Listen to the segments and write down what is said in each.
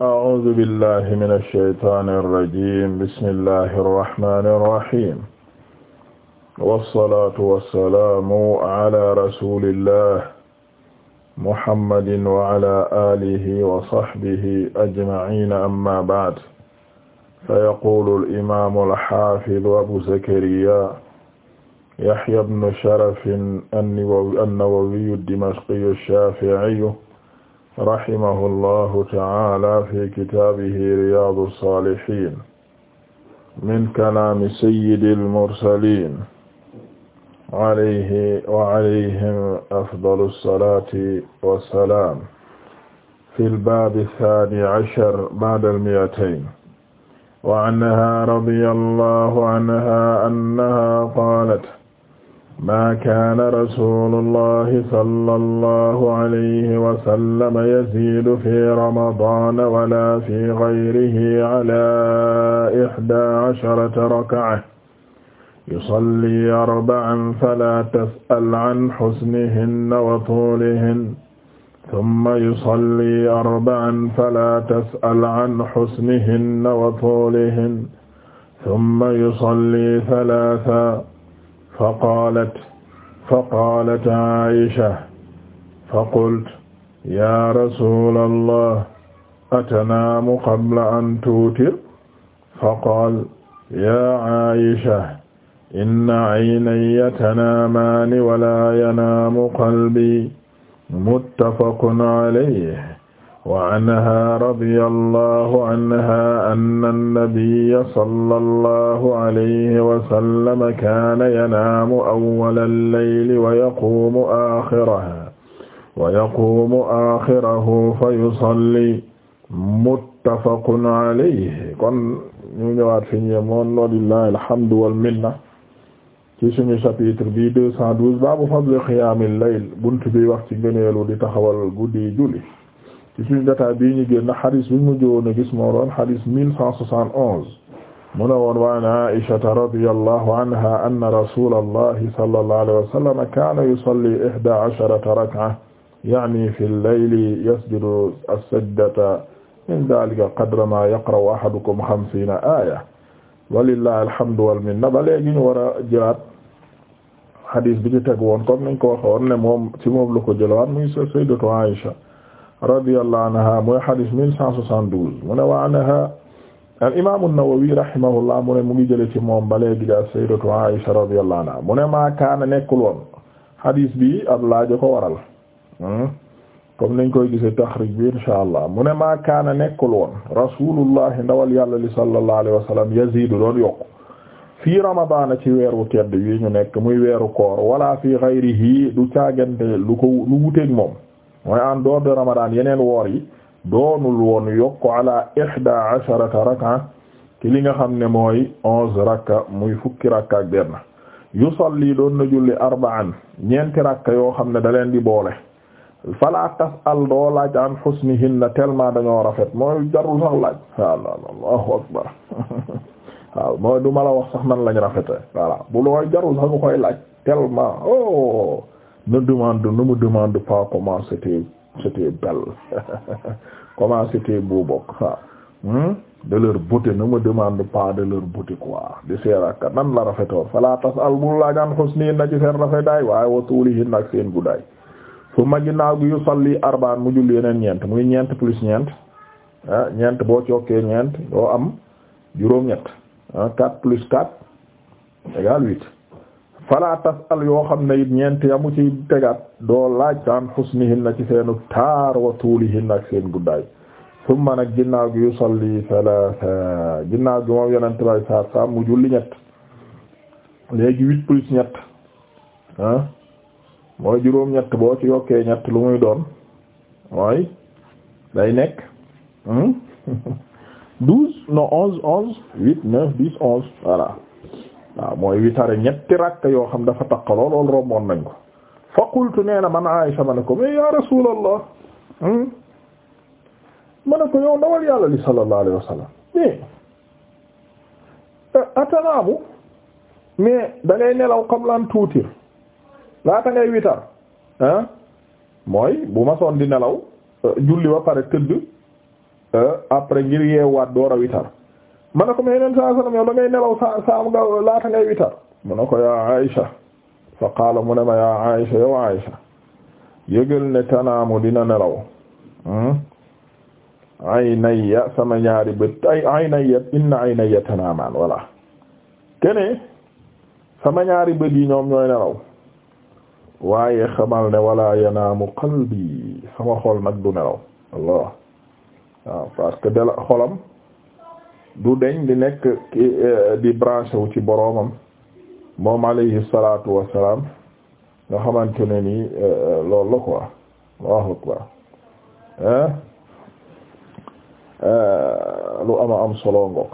أعوذ بالله من الشيطان الرجيم بسم الله الرحمن الرحيم والصلاة والسلام على رسول الله محمد وعلى آله وصحبه أجمعين أما بعد فيقول الإمام الحافظ أبو زكريا يحيى بن شرف النووي الدمشقي الشافعي rahimahullahu ta'ala fi kitaabihi riyaadu saalihiin min kalaami sayyidil mursaliin alayhi wa alayhim afdalu salaati wa salaam fil baabi saani cashar ba'dal mi'atayn wa anhaa radiyallahu anhaa annahaa qaalat maa kaana rasuulullahi sallallahu alayhi wa sallam yaziidu fi ramadaana wala fi gayrihi alaa ihdaa casharata rakca yusalli arba'an falaa tas'al can xusnihinna wa tuulihinna summa yusalli arba'an falaa tas'al can xusnihinna wa tuulihinna summa yusalli salaasan faqaalat faqaalat Aisha faqult yaa rasulallah atanaamu qabla an tuutir faqaal yaa Aisha inna aynaya tanaamaani walaa yanaamu qalbi muttafaqun alayhi وعنها رضي الله عنها أن النبي صلى الله عليه وسلم كان ينام أول الليل ويقوم آخره ويقوم آخره فيصلي متفق عليه kon ñu ñëwaat fi ñu yemoon ولله الحمد والمنة ci suñu chapitre bi 212 baabu fadli qiyaamil layl bunt bi wax ci gëneelu di taxawal guddi julli ci suñu jotaay bii ñu génn xadis bi mu mujjoon a gis moo doon xadis mille cent soixante onze mu ne woon wa an aishata radiyallahu anha anna rasulallahi sallallahu alayhi wa sallam kaana yusalli ihda asharata rak'a yaani fi llayli yasjudu as-sajdata min dhalika qadra ma yaqra'u ahadukum xamsiina aaya walillahi alhamdu wal minna ba léegi ñu war a jëlaat xadis bi ñu teg woon comme niñ ko waxoon ne moom ci moom la ko jëlaat muy sayyidatu Aisha radiyallahu anha mooy xadis mille cent soixante-douze mu ne wa anha al imaamu Nawawi rahimahullah mu ne mu ngi jële ci moom ba léegi da sayyidatu Aisha radiyallahu anha mu ne maa kaana nekkul woon xadis bi ab laajo ko waral hmm? comme nañ koy gisee taxrij bi insha allah mu ne maa kaana nekkul woon rasulullah ndawal yàlla li sallallahu alayhi wa sallam yazidu doon yokku fii ramadana ci weeru tedd yi ñu nekk muy weeru koor wala fi ghayrihi du caagante lu ko lu wuteeg moom mooy en dehors de yeneen woor yi doonul woon yokku ala ihda asharata raka ci li nga xam ne mooy onze rakka muy fukki rakka ak benn yusalli doon na julli arba'an ñeenti rakka yoo xam ne da leen di boole fala tas'al doo laaj an husnihinna tellement dañoo rafet mooy jarul sax laaj waaw mooy du ma wax sax nan lañ rafete voilà bu looy jarul sax nga koy laaj tellement oh ne demande ne me demande pas comment c'était c'était belle comment c'était beau bokk waaw hmm? de leur beauté ne me demande pas de leur beauté quoi de seen akka nan la rafetoon fala tas al laa laajan xusnihin na ci seen rafetaay waaye wa tuulihin nak seen guddaay su ma ginnaaw gi yu salli arbaan mu julli yeneen ñeent muy ñeent plus ñeent ah ñeent boo cokkee ñeent doo am juróom-ñett quatre plus quatre égale huit fala tasal yoo xam ne it ñeent yamu ci tegaat doo laaj taan xusnihin na ci seenu taar wa tuulihin ak seen guddaay summa nag ginnaaw gi yusalli salaasa ginnaaw gi moom yonent bay saar saam mu julli ñett léegi huit plus ñett ah, mooy juróom ñett boo ci yokkee ñett lu muy doon mooy day nekk hmm, douze non onze onze huit neuf dix onze voilà waaw mooy witare ñetti rakk yoo xam dafa taqaloo loolu romboon nañ ko fa qultu nee na man Aisha ma ne ko mais ya rasulallah hmm? ma ne ko yow ndawal yàlla li sallallahu alayhi wa sallam euh, atanaamu mais da ngay nelaw qabla an tuutir laata ngay witar ah mooy bu ma soon di nelaw euh, julli ba pare tëdd euh, après ngir yeewaat door a witar ma ne ko mais yeneen saa salaam yow da nelaw saa saa nga laata ngay witar mu ne ko yaa Aïcha fa mu ne ma yaa Aïcha yow Aïcha yëgal ne tanaamu dina nelaw hmm? aynaya sama ñaari bët ay aynaya inna aynaya tanaamaan voilà kene sama ñaari bët yi ñoom ñooy nelaw waaye xamal ne wala yanaamu qalbi sama xol nag du nelaw waaw parce que dela xolam du deñ di nekk eh, di branché ci boroomam moom alayhi salatu wassalam nga xamante ne ni eh, loolu la quoi Allahu eh? lu am solo ngok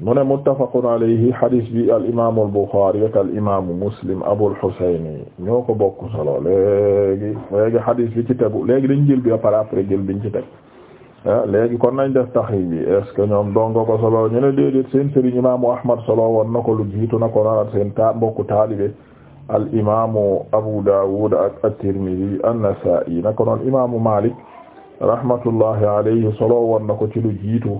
mu ne muttafaqun alayhi hadis bi al imaamu al Buxaari ak al imaamu Muslim Abul Husayni ñoo ko bokk solo léegi léegi hadis bi ci tegu léegi dañ jël bi ba pare après jël ci teg Ah, léegi kon nañ def taxi bi est ñoom dongo ko solo ñu ne déedéet imaamu Ahmad solo woon na ko lu jiitu na ko narat seen ta mbokku taalibe al imaamu Abu Dawud ak at-Tirmidhi an-Nasa'i na ko noon imaamu Malik rahmatullahi alayhi solo woon na ko ci lu jiitu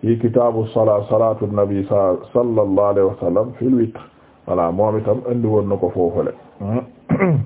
ci kitaabu salaa salaatu nabi sallallahu alayhi wa sallam fil witr voilà moom itam andi woon na ko foofule hmm.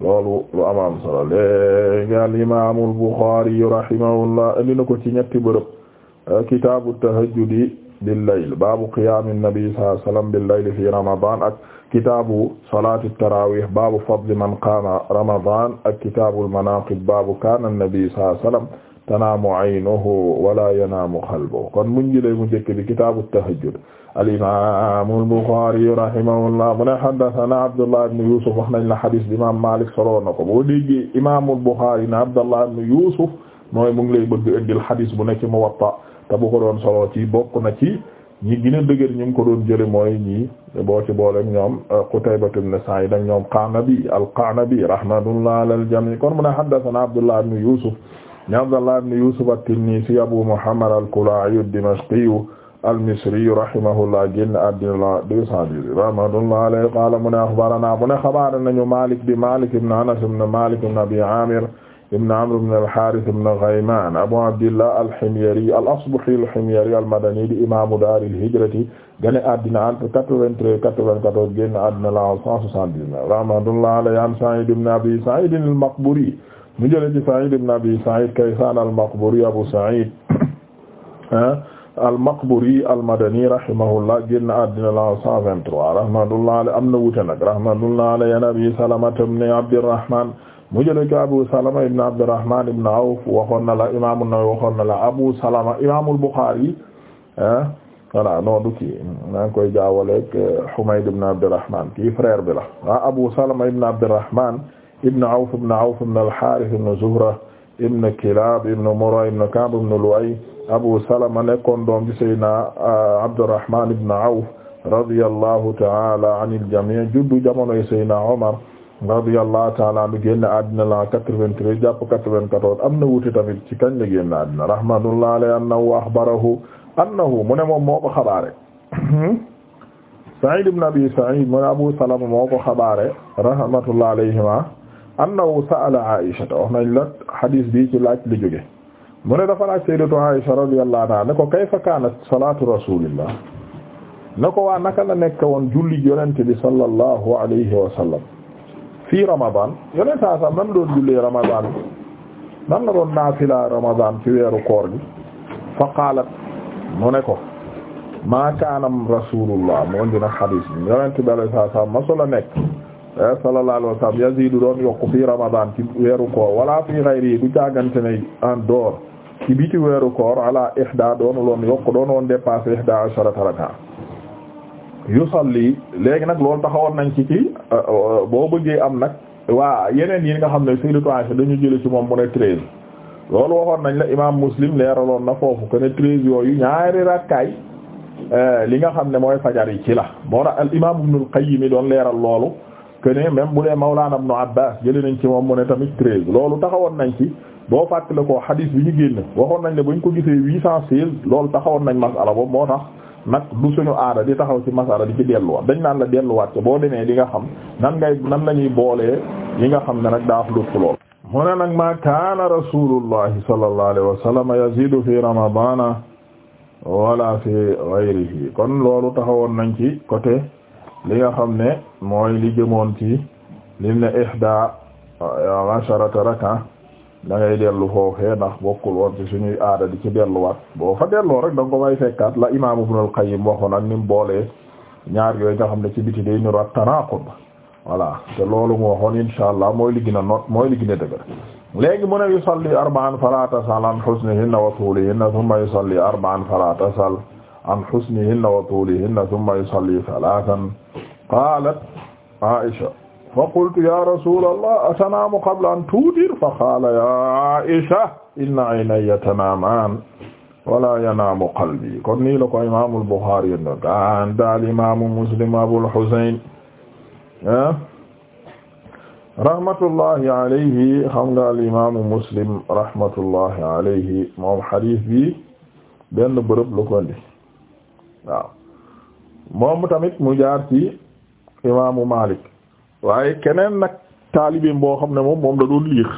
loolu lu am am solo léegi al imaam al Buxaari rahimahullah indi na ko ci ñetti bërëb kitaabu tahajjudi bil layl baabu qiyaami nabi sallallahu alayhi wa sallam bil layl fi ramadan ak kitaabu salaati tarawih baabu fadli man qaama ramadan ak kitaabul manaaqib baabu kaana nabi sallallahu alayhi wa sallam tanaamu aynuhu wala yanaamu qalbuhu kon mu ngi lay mu njëkk bi kitaabu tahajjud alimamu al-Bukhari rahimahullah mu ne haddathana Abdullah ibn Yusuf wax nañ la hadis bi imam Malik soloo na ko boo déggee imamu al-Bukhari na Abdullah ibn Yusuf mooy mu ngi lay bëgg indil hadis bu nekk Muwatta te bu ko doon soloo ci bokk na ci ñi gën a dëgër ñu ngi ko doon jële mooy ñi boo ci booleeg ñoom euh, Qutayba ibn Sa'id ak ñoom Qanabi al-Qanabi rahmatullah ala al-jami' kon mu ne haddathana Abdullah ibn Yusuf ni Abdullah ibn Yusuf at-Tinnisi Abu Muhammad al-Kula'i ad-Dimashqi al-Misri rahimahullah génn àddina la deux cent dix rahmatullahi alayhi qaala mu ne axbaranaa mu ne xabaar nañu Malik bi Malik ibn Anas ibn Malik ibn Abi Aamir ibn Amr ibn al-Haaris ibn Ghaymaan Abu Abdillah al-Himyari al-Asbahi al-Himyari al-Madani di imaamu daari al-hijrati génn àddina entre quatre-vingt-treize quatre-vingt-quatorze génn àddina la cent soixante-dix-neuf rahmatullahi alayhi an Sa'iid ibn Abi Sa'iid al-Maqburi mu jële ci Sa'iid ibn Abi Sa'iid Kaysaan al-Maqburi Abu Sa'iid ah, al-Maqburi al-Madani rahimahullah génn àddina la 123 rahmatullah alayhi am na wuute nag rahmatullah alayhi an Abi Salama ibn Abdirrahman mu jëlee ko Abu Salama ibn Abdirrahman ibn Awf waxoon na la Imaam an-Nawawi waxoon na la Abu Salama Imaamul Bukhari ah voilà non du kii maa ngi koy jaawaleeg eh, Humayd ibn Abdirrahman kii frère bi la ah Abu Salama ibn Abdirrahman ibn Awf ibn Awf ibn al-Harith ibn Zuhra ibn Kilab ibn Murra ibn Ka'b ibn Lu'ay Abu Salama nekkoon doom ci Seydina euh, Abdurrahman ibn Awf radiyallahu ta'ala anil jami' juddu jamonoy Seydina Omar radiyallahu ta'ala anhu génn àddina la 93 jàpp 94 am na wuute tamit ci kañ la génn àddina rahmatullahi alayhi annahu akhbarahu annahu mu ne moom moo ko xabaare Sa'id ibn Abi Sa'id mu ne Abu Salama moo ko xabaare rahmatullahi alayhima annahu sa'ala Aisha wax nañ la hadis bi ci laaj la jóge mu ne dafa laaj sayyidatu Aisha radiyallahu anha ne ko kayfa kaanat salaatu rasulillah ne ko waa naka la nekk woon julli yonent bi sallallahu alayhi wa sallam fii Ramadan yonent saa sax nan doon weeru koor gi fa qaalat mu ne ko maa kaanam rasulullah mu indi na xadiis bi yonent bi alayhi saa sax masul nekk eh, sallallahu alayhi wa yaziidu doon yokk fii Ramadan ci weeru koor wala fii ghayri du caagante ne en dehors ci biti weeru koor ala ihda doonu loon yokk doonu woon dépassé ihda asharata raka yusalli léegi nag loolu taxawoon nañ ci ci euh, euh, boo bëggee am nag waa yeneen yi nga xam ne sayyidatu Aisha dañu jële ci moom mu ne treize loolu waxoon nañ la imam Muslim leeraloon na foofu que ne treize yooyu ñaari rakkaay euh, li nga xam ne mooy fajar yi ci la moo tax al imam Ibn al-Qayyim yi doon leeral loolu que ne même bu dee Mawlana Ibn Abbas jële nañ ci moom mu ne tamit treize loolu taxawoon nañ ci boo fàttale ko xadiis bi ñu génn waxoon nañ ne bu ñu ko gisee huit cent seize loolu taxawoon nañ masala boobu moo tax nag du suñu aada di taxaw ci masala di ci delluwaat dañ naan la delluwaat ca boo demee di nga xam nan ngay nan la ñuy boolee yi nga xam ne nag daa lutt lool mu ne nag maa kaana rasulullahi sallallahu alayhi wa sallam yazidu fi ramadana wala fi ghayrihi kon loolu taxawoon nañ ci côté li nga xam ne mooy li jëmoon ci lim ne ihda eh, asharata raka da ngay dellu foofee ndax bokkul woon ci suñuy aada di ci boo fa delloo rek da nga ko may la imaam Ibn al-Qayyim waxoon ak ñaar yooyu nga xam ne ci biti day niru ak tanaqud voilà te loolu mu waxoon insha allah mooy li gën not mooy li gën a dëgër léegi mu ne yusalli arba'an fala tasal an husnihinna wa tulihinna thumma yusalli arba'an fala tasal an husnihinna wa tulihinna thumma yusalli thalathan qalat Aisha fa qultu ya rasulallah atanaamu qabla an tuutir fa qaala ya Aisha inna aynaya tanaamaan wala yanaamu qalbi kon nii la ko imaamu al-Bukhari yëndoon daan daal imaamu Muslim Abul Husayn ah, rahmatullahi alayhi xam nga al imaamu Muslim rahmatullahi alayhi moom xadiis bi benn bërëb la ko indi waaw moom tamit mu jaar ci imaamu Maalik waaye keneen nag taalibeem boo xam ne moom moom da doon liir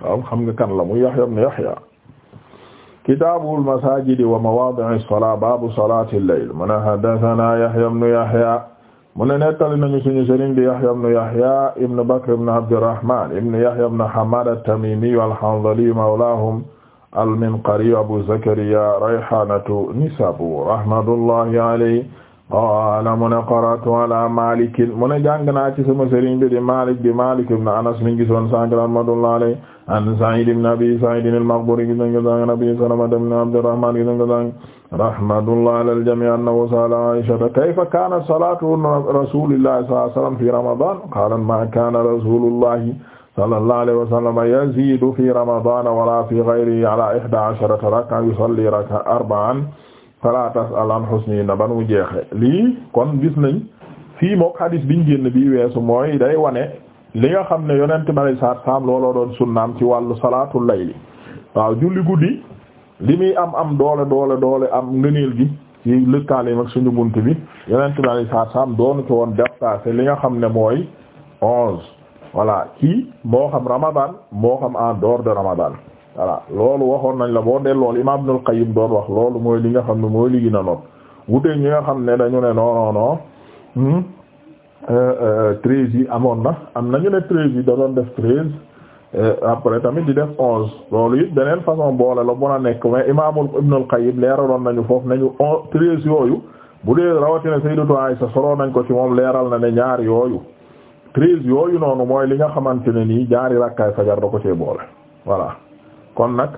waaw xam nga kan la mu Yahya ibn Yahya kitaabul masaajidi wa mawaadi'is salaa baabu salaatil layl mu ne haddasanaa Yahya ibn Yahya mu ne nettali nañu suñu sëriñ di Yahya ibn Yahya ibn Bakr ibn Abdirrahmaan ibn Yahya ibn Hammaad at-Tamiimi al-Hanzali mawlaahum al-Minqari Abu Zakariyaa rayhaanatu Nisaabuur rahmatullaahi alayhi qaala mu ne qara'tu ala Maalik mu ne jàng naa ci sama sëriñ bi di Maalik bi Maalik ibn Anas mi ngi gisoon sànq rahmatullahi alayhi an Sa'iid ibn Abi Sa'iid al-Maqburi gis nañ ko sànq Abi Salama ibn Abdurrahmaan gis nañ ko sànq rahmatullahi ala al-jamii' annahu sa'ala Aysata kayfa kaanat salaatu rasuulillahi sallallahu alayhi wa sallam fi Ramadaan qaalat maa kaana rasuulullahi sallallahu alayhi wa sallam yaziidu fi Ramadaan wa laa fi ghayrihi ala ihdaa ashrata rak'atan yusalli rak'atan arba'an fala tas'al na husnihinna ban mu jeexe lii kon gis nañ fii mook hadis biñ génn bii weesu mooy day wane li nga xam ne yonent malay saat saam looloo doon sunnaam ci wàllu salaatul layli waaw julli guddi li muy am am doole doole doole am ngëneel gi ci lëkkaaleem suñu bunt bi yonent malay saat saam doonu ci woon dépassé li nga xam ne mooy onze voilà kii moo xam ramadan moo xam en dehors de voilà loolu waxoon nañ la boo dee loolu imaam Ibnul Qayyim doon wax loolu mooy li nga xam ne mooy li gën a not wuteeg ñi nga xam ne dañu ne non non non hmm? euh, euh, yi amoon na am nañu ne treize yi da doon def treize euh, après tamit di def onze loolu yi beneen façon boole la mën na nekk mais imaamul Ibnul Qayyim leeraloon nañu foofu nañu onze treize yooyu bu dee rawatina Sayyidatu Aysa solo nañ ko ci moom leeral na ne ñaar yooyu treize yooyu noonu mooy li nga xamante ne nii ñaari rakkaay ko cee boole voilà. kon nag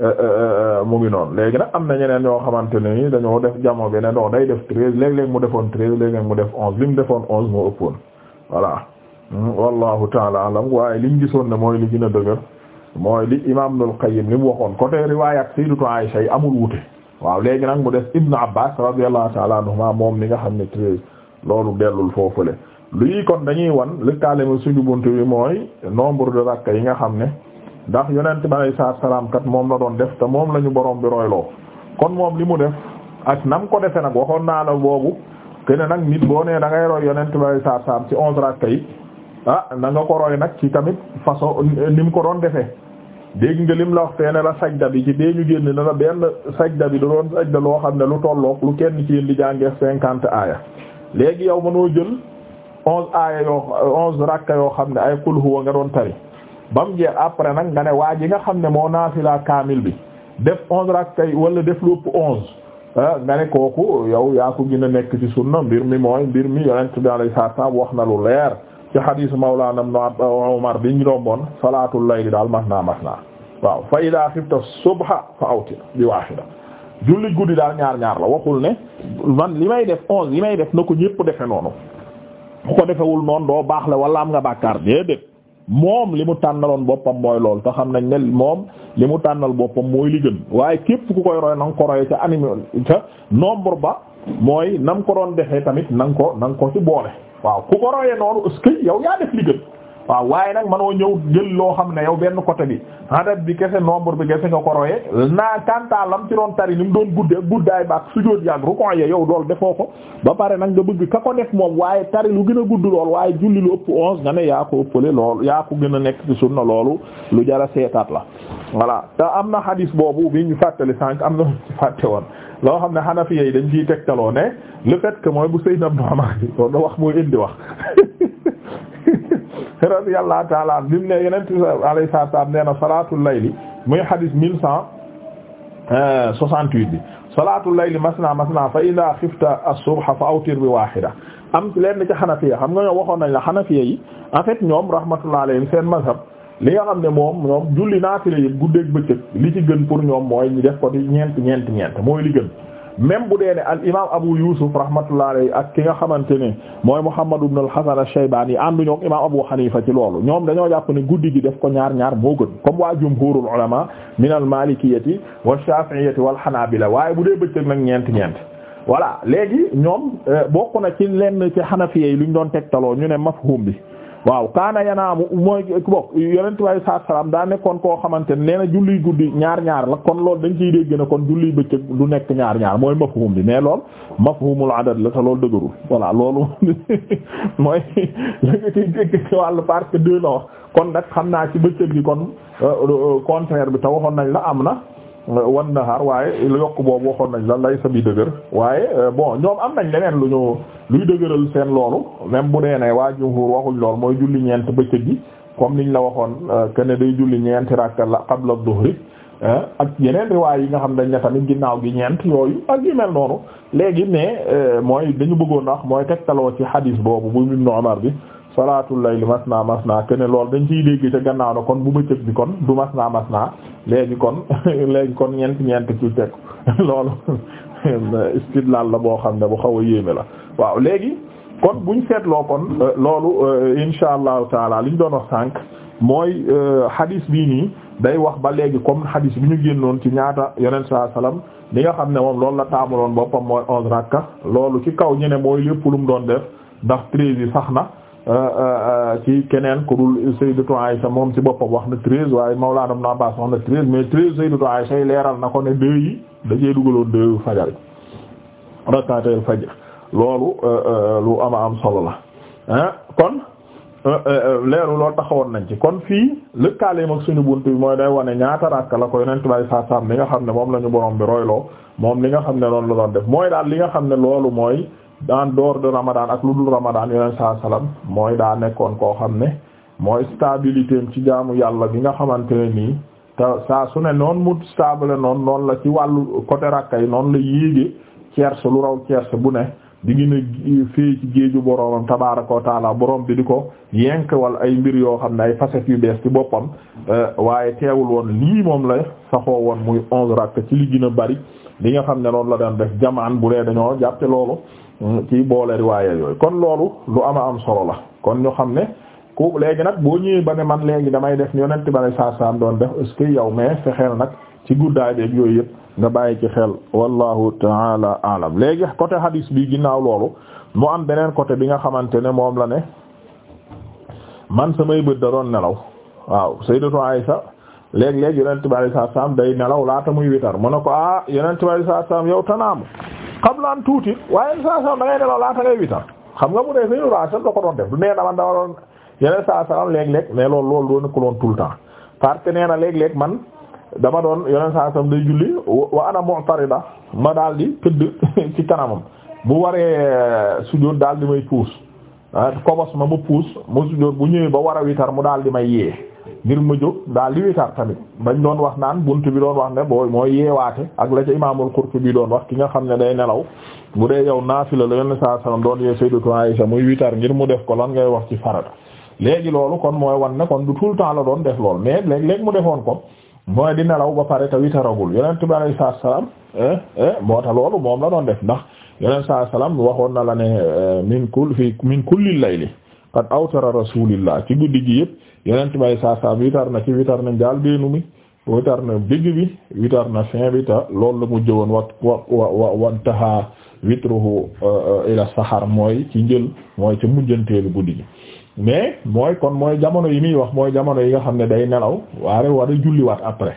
euh, euh, euh, mu ngi noon léegi nag am na ñeneen yoo xamante ne ni dañoo def jamono bi ne day def treize léeg-léeg mu defoon treize léeg mu def onze li mu defoon onze moo ëppoon voilà hmm, wallahu taala alam waaye liñ gisoon ne mooy li gën a dëgër mooy li imam Ibnul Qayyim li mu waxoon côté riwayat Sayyidatu Aisha yi amul wute waaw léegi nag mu def Ibnu Abbas radiyallahu taala anhuma moom li nga xam ne treize loolu dellul foofule luy kon dañuy wan lëkkaale ma suñu buntu bi mooy nombre de rakka yi nga xam ne ndax yonent bi alayhi salaatu salaam kat moom la doon def te moom la ñu borom bi royloo kon moom li mu def ak nam ko defe nag waxoon naa la boobu te ne nag nit boo nee da ngay roy yonent bi alayhi salaatu salaam ci onze ah, na nga ko roy nag ci tamit façon ni mu ko doon defee. dégg nga lim la wax te ne la sajda bi ci bee ñu génn na la benn sajda bi da doon sajda loo xam ne lu tollook lu kenn ci yéen di jàngee cinquante aaya léegi yow mënoo jël onze aaya yoo onze rakka yoo xam ne ay kul huwa nga doon tari. ba mu jeex après nag nga ne waa ji nga xam ne moo naafila kaamil bi def onze rakkay wala def lu onze ah, nga ne kooku yow yaa ko gën nekk ci sunna mbir mi mooy mbir mi yonent bi alayhi salaam wax na lu leer ci hadis Mawlana euh, Umar bi ñu romboon salaatul layli daal masna masna waaw fa idaa subha fa awtir bi waahida julli guddi daal ñaar ñaar la waxul ne man li may def onze li may def na ko ñépp defe noonu bu ko defewul noonu doo baax la wala am nga bàkkaar moom li mu tànnaloon boppam mooy loolu te xam nañ ne moom li mu tànnal boppam mooy li gën waaye képp ku koy roy na nga ko roy ca animé ca nombre ba mooy nam ko doon defee tamit na nga ko na nga ko ci boole waaw ku ko royee noonu est-ce yaa def li waaw waaye nag manoo ñëw jël loo xam ne yow benn côté bi adat bi kese nombre bi kese nga ko royee naa kantaalam ci doon tari ni mu doon gudde guddaay baak sujóot yaak rukon ya yow loolu defoo ko ba pare nag nga bëgg ka ko def moom waaye tari lu gën a gudd lool waaye julli lu ëpp onze nga ne yaa ko ëppale loolu yaa ko gën a nekk ci na loolu lu jara seetaat la wala te am na hadis boobu bi ñu fàttali sànq am na ci fàtte woon loo xam ne Hanafi yi dañ ciy tegtaloo ne le fait que mooy bu Seydina Ibn Umar wax mooy indi wax radiyallahu ta'ala an bimu ne yenent alayhi salaam nee na salaatul layli muy hadis mille cent euh, soixante-huit bi salaatul layli masna masna fa ida xifta as-subha fa awtir bi wahida am leen ci xanafiya xam nga ñoom waxoon nañ la xanafiya yi en fait ñoom rahmatullah alayhim seen mazhab li nga xam ne moom ñoom julli naafile yi guddeeg bëccëg li ci gën pour ñoom mooy ñu def ko di ñeent ñeent ñeent mooy li gën même bu dee ne al imaam Abu Yusuf rahmatullahi alayhi ak ki nga xamante ne mooy Muhammad ibn al-Hasan ash yi ànduñu ak imaam Abu Hanifa ci loolu ñoom dañoo jàpp ne guddi gi def ko ñaar ñaar moo gën comme waa jumhurul ulama min al-malikiyyati wash-shafi'iyyati wal-hanabila waaye bu dee bëccëg nag ñeent ñeent. voilà léegi ñoom euh, bokk na ci lenn ci xanafiye yi ñu doon tegtaloo ñu ne mafhum bi. waaw kaana yanaamu mooy bokk yonent bi saa salaam daa nekkoon koo xamante ne nee na julli guddi ñaar ñaar la kon loolu dañ ciy dégg ne kon julli bëccëg du nekk ñaar ñaar mooy mafhum bi mais lool mafhumul adad la te loolu dëgërul voilà loolu mooy la nga ciy dégg ci wàllu parce que deux la wax kon nag xam naa ci bëccëg bi kon euh, euh, contraire bi te waxoon nañ la am na. wan nahaar waaye lu yokk boobu waxoon nañ la lay sa bi dëgër waaye euh, bo ñoom am nañ leneen lu ñu luy dëgëral seen loolu même bu dee ne waa jumhur waxuñ lool mooy julli ñeent bëccëg yi comme niñ la waxoon euh, que ne day julli ñeenti rakka la qabla dhuhri euh, ak yeneen riwaay yi nga xam dañ ne tamit ginnaaw gi ñeent yooyu ak yu mel noonu léegi ne mooy dañu bëggoon wax mooy tegtaloo ci hadis boobu bu Ibnu Umar bi salaatul layli masna masna kene lool dañ ciy dégg te gannaaw na kon bu bëccëg bi kon du masna masna léegi kon léegi kon ñeent ñeent ci teg loolu istidlaal la boo xam ne bu xaw yéeme la waaw léegi kon buñ seetloo kon euh, loolu euh, insha allahu taala liñ doon wax sànq mooy hadis euh, bii nii day wax ba léegi comme hadis bi ñu génnoon ci ñaata yeneen saa salaam li nga xam ne moom loolu la taamuloon boppam mooy onze rakka loolu ci kaw ñu ne mooy lépp lu mu doon def ndax treize yi sax na. Euh, euh, euh, ci keneen ku dul Sayyidatu Aisha moom ci boppam wax na treize waaye Mawlaana Ibn Abbaas wax na treize mais treize Sayyidatu Aisha leeral na ko ne deux da cee dugaloon deux fajar rakkaateel fajar loolu lu ama am solo la ah kon leeru loolu taxawoon nañ ci kon fii lëkkaaleem ak suñu bunt bi mooy day wane ñaata rakka la ko yonent bay saasaam li nga xam ne moom la ñu borom bi royloo moom li nga xam ne loolu la doon def mooy daal li nga xam ne loolu mooy en dehors de Ramadan ak lu dul Ramadan yeneen saa mooy daa nekkoon koo xam ne mooy stabilité ci jaamu yàlla bi nga xamante ne nii te saa su ne noon mu stable noon noonu la ci wàllu côté rakka yi noonu la yéege tierce lu raw tierce bu ne di gën a fii ci géeju boroomam tabaaraka wa taala borom bi di ko yenk wal ay mbir yoo xam ne ay facettes yu bees ci boppam euh, waaye teewul woon lii moom la saxoo woon muy onze rakk ci li gina bari li nga xam ne noonu la daan def jamaan bu dee dañoo jàppe loolu ci boole riwaaya yooyu kon loolu lu ama am solo la kon ñu xam ne ku léegi nag boo ñëwee ba ne man léegi damay def yonent ba ne saa saam doon def est-ce yow mais fexeel nag ci guddaay beeg yooyu yëpp nga bàyyi ci xel wallahu taala alam léegi côté hadis bi ginnaaw loolu mu am beneen côté bi nga xamante ne moom la ne man samay bët da doon nelaw waaw Sayyidatu Aisha léeg-léeg yonent bi sallallahu alayhi wasallam day nelaw laata muy witar mu ne ko ah yonent bi sallallahu alayhi wasallam yow tanaamu qabla an tuuti waaye sallallahu alayhi wasallam da nelaw laata ngay witar xam nga mu ne suñu raasal da ko doon def du nee dama dama doon yonent sallallahu alayhi wasallam léeg-léeg mais loolu loolu doon ko doon tout le temps parce que nee na léeg-léeg man dama doon yonent sallallahu alayhi wasallam day julli wa ana mu'tarida ma daal di tëdd ci kanamam bu waree euh, sujjóot daal di may puus ah, kobos ma ma puus mu sujjóot bu ñëwee ba war a mu daal di may yee. ngir mu jóg daal di witar tamit bañ doon wax naan bunt bi doon wax ne booy mooy yeewaate ak la ca imaamul Qurtubi doon wax ki nga xam ne day nelaw mu dee yow naafila la yonn saa sallam doon yee Sayyidatu Aisha muy witar ngir mu def ko lan ngay wax ci farata léegi loolu kon mooy wan ne kon du tout temps la doon def loolu mais léeg-léeg mu defoon ko mooy di nelaw ba pare te witaragul yonent bi alayhi salaatu salaam eh, eh, moo ta loolu moom la doon def ndax yonent saa salaam waxoon na la ne eh, min kul fi min kulli layli qad awtara rasulillah ci guddi gi yëpp yonent bay saa witar na ci witar na njaal deenu mi witar na digg bi witar na fin bi ta la mu jëwoon wa wa wa wantaha witruhu euh, euh, ila sahar mooy ci njël mooy ca mujjanteelu guddi gi mais mooy kon mooy jamono yi muy wax mooy jamono yi nga xam ne day nelaw waare war a julliwaat après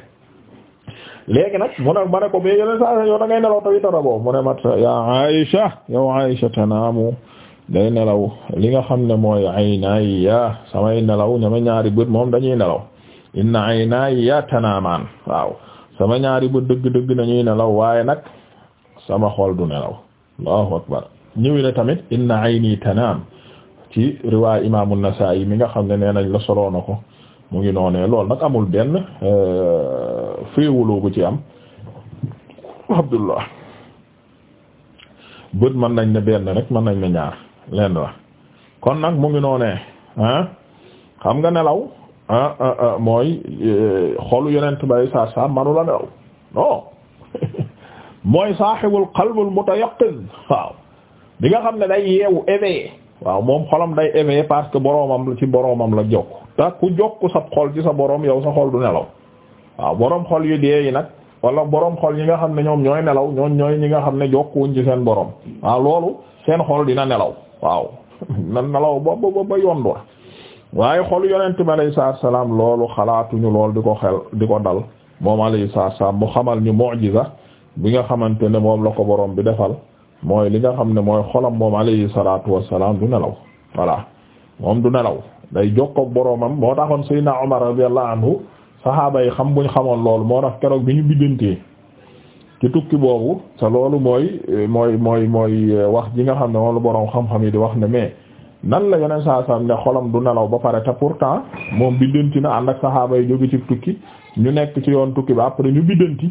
léegi nag mu a ma ko mais yeneen saa yoo da ngay nelaw ta witara boobu mu ne mat ya Aisha yow Aisha tanaamu day nelaw li nga xam ne mooy aynaya samay nelaw ñama ñaari bët moom dañuy nelaw inna aynaya tanaamaan waaw sama ñaari bët dëgg-dëgg nañuy nelaw waaye nag sama xol du nelaw allahu akbar ñëwi na tamit inna ayni tanaam ci riwaay imaamu yi mi nga xam ne nee nañ la soloo na ko mu ngi noonee lool nag amul benn euh, féewuloo bu ci am Abdullah bët mën nañ ne benn rek mën nañ ne ñaar leen la kon nag mu ngi noonee ah xam nga nelaw ah, ah, ah mooy eh, xolu yonent bay saa saa manu la nelaw non mooy saaxibul qalbul mutayaqqiz waaw bi nga xam ne day yeewu éveillé waaw moom xolam day éveillé parce que boroomam ci boroomam la jokk te ku jokk sa xol ci sa boroom yow sa xol du nelaw waaw boroom xol yu dee yi nag walla borom xol ñi nga xam ne ñoom ñooy nelaw ñoom ñooy ñi nga xam ne jokkuwuñ ci seen boroom waaw loolu seen xol dina nelaw waaw na nalaw bo ba ba yoon waaye xol yonent bi alayhi salaatu wa salaam loolu xalaatuñu lool di ko xel di ko dal moom alayhi salaatu wa salaam mu xamal ñu mu'jiza bi nga xamante ne moom la ko borom bi defal mooy li nga xam ne mooy xolam moom alayhi salaatu wa salaam du nelaw voilà moom du nelaw day jokkoo boromam moo taxoon Seydina Omar radiyallahu anhu saxaaba yi xam buñ xamoon loolu moo tax keroog bi ñu biddantee ci tukki boobu sa loolu mooy mooy mooy mooy euh, wax ji nga xam ne moom la boroom xam-xam yi di wax ne mais nan la yeneen saa saa ne xolam du nelaw ba pare te pourtant moom biddanti na ànd ak saxaaba yi jóge ci tukki ñu nekk ci yoon tukki ba après ñu biddanti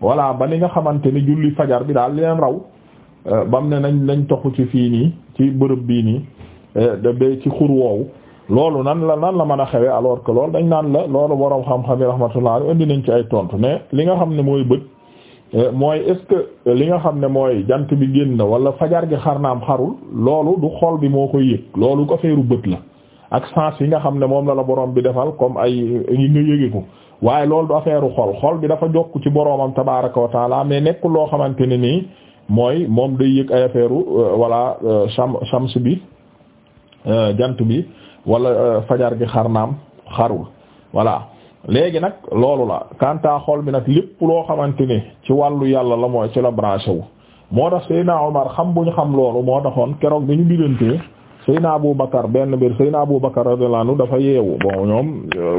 voilà ba ni nga xamante ni julli fajar bi daal leen raw euh, bam ne nañ nañ toxu ci fii nii ci bërëb bii nii euh, da ci xur woowu loolu nan la nan la mën a xewee alors que loolu dañ naan la loolu boroom xam-xam yi rahmatullah indi nañ ci ay tontu ne li nga xam ne mooy bët Euh, mooy est-ce que euh, li nga xam ne mooy jant bi génn wala fajar gi xar naam xarul loolu du xol bi moo koy yëg loolu ko feeru bët la ak sance yi nga xam ne moom la la borom bi defal comme ay yi nga yëge ko waaye loolu du affaire xol xol bi dafa jokk ci boroomam tabaaraka wa taala mais nekkul loo xamante ne nii mooy moom day yëg ay affaire wala euh, cham chams bi jant bi walla fajar gi xarnaam naam xarul voilà. léegi nag loolu la kanta xol bi nag lépp loo xamante ni ci wàllu yàlla la mooy ci la branché wu moo tax Seydina Omar xam bu ñu xam loolu moo taxoon keroog bi ñu diggante Seydina Abu Bakar benn biir Seydina Abu Bakar radiyallahu anhu dafa yeewu bon ñoom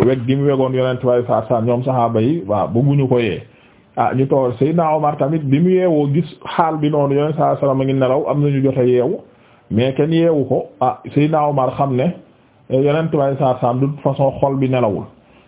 weg gi mu wegoon yonent way sa sa ñoom saxaaba yi waaw bëgguñu ko yee ah ñu toog Seydina Omar tamit bi mu yeewoo gis xaal bi noonu yonent saa salaam nelaw am nañu jot a yeewu mais kenn yeewu ko ah Seydina Omar xam ne yonent way sa sam de façon xol bi nelawul